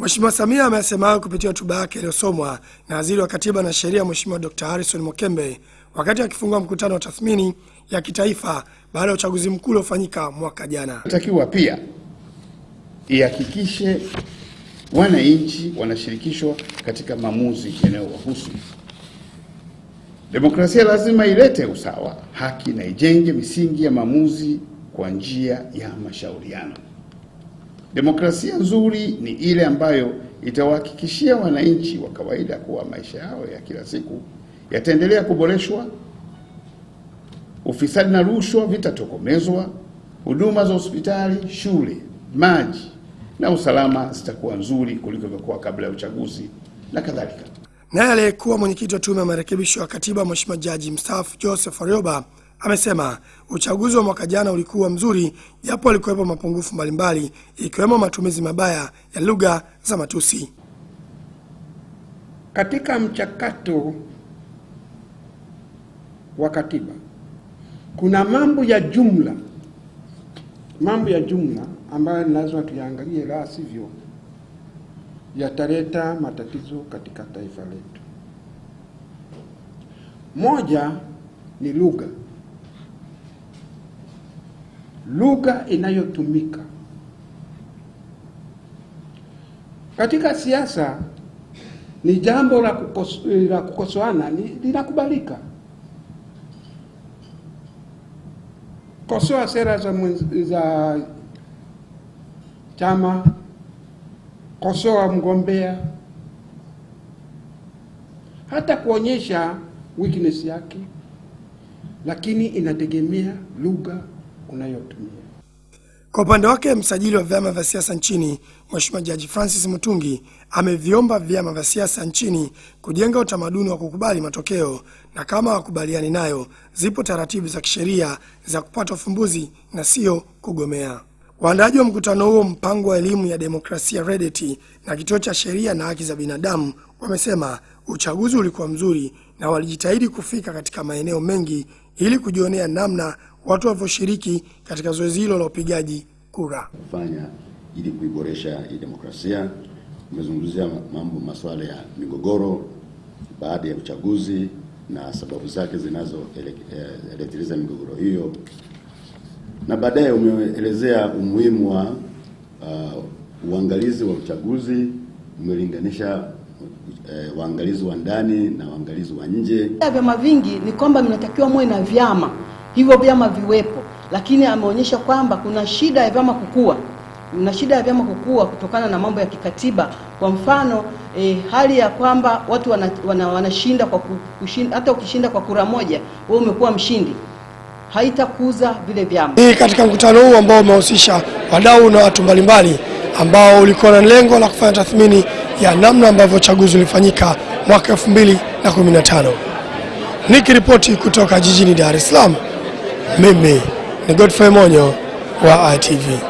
Mheshimiwa Samia amesema hayo kupitia hotuba yake iliyosomwa na Waziri wa Katiba na Sheria Mheshimiwa Dr. Harrison Mokembe wakati akifungua mkutano wa tathmini ya kitaifa baada ya uchaguzi mkuu uliofanyika mwaka jana. Natakiwa pia ihakikishe wananchi wanashirikishwa katika maamuzi yanayowahusu. Demokrasia lazima ilete usawa, haki na ijenge misingi ya maamuzi kwa njia ya mashauriano. Demokrasia nzuri ni ile ambayo itawahakikishia wananchi wa kawaida kuwa maisha yao ya kila siku yataendelea kuboreshwa, ufisadi na rushwa vitatokomezwa, huduma za hospitali, shule, maji na usalama zitakuwa nzuri kuliko ilivyokuwa kabla ya uchaguzi na kadhalika. Naye aliyekuwa mwenyekiti wa tume ya marekebisho ya katiba Mheshimiwa Jaji mstaafu Joseph Warioba amesema uchaguzi wa mwaka jana ulikuwa mzuri japo alikuwepo mapungufu mbalimbali ikiwemo matumizi mabaya ya lugha za matusi. Katika mchakato wa katiba kuna mambo ya jumla, mambo ya jumla ambayo lazima tuyaangalie, la sivyo yataleta matatizo katika taifa letu. Moja ni lugha lugha inayotumika katika siasa ni jambo la kukosoana kukoso, kukosoana linakubalika. Kosoa sera za, za chama, kosoa mgombea, hata kuonyesha weakness yake, lakini inategemea lugha unayotumia. Kwa upande wake msajili wa vyama vya siasa nchini Mheshimiwa Jaji Francis Mutungi ameviomba vyama vya siasa nchini kujenga utamaduni wa kukubali matokeo na kama wakubaliani nayo, zipo taratibu za kisheria za kupata ufumbuzi na sio kugomea. Waandaaji wa mkutano huo, mpango wa elimu ya demokrasia REDETI na kituo cha sheria na haki za binadamu, wamesema uchaguzi ulikuwa mzuri na walijitahidi kufika katika maeneo mengi ili kujionea namna watu walivyoshiriki katika zoezi hilo la upigaji kura. Fanya ili kuiboresha hii demokrasia. Umezungumzia mambo masuala ya migogoro baada ya uchaguzi na sababu zake zinazoelekeza migogoro hiyo, na baadaye umeelezea umuhimu wa uh, uangalizi wa uchaguzi, umelinganisha Eh, waangalizi wa ndani na waangalizi wa nje. Vyama vingi ni kwamba mnatakiwa muwe na vyama hivyo, vyama viwepo, lakini ameonyesha kwamba kuna shida ya vyama kukua na shida ya vyama kukua kutokana na mambo ya kikatiba. Kwa mfano e, hali ya kwamba watu wana, wana, kwa kushinda, hata ukishinda kwa kura moja wewe umekuwa mshindi, haitakuza vile vyama. Hii katika mkutano huu ambao umehusisha wadau na watu mbalimbali ambao ulikuwa na lengo la kufanya tathmini ya namna ambavyo uchaguzi ulifanyika mwaka 2015. Nikiripoti kutoka jijini Dar es Salaam, mimi ni Godfrey Monyo wa ITV.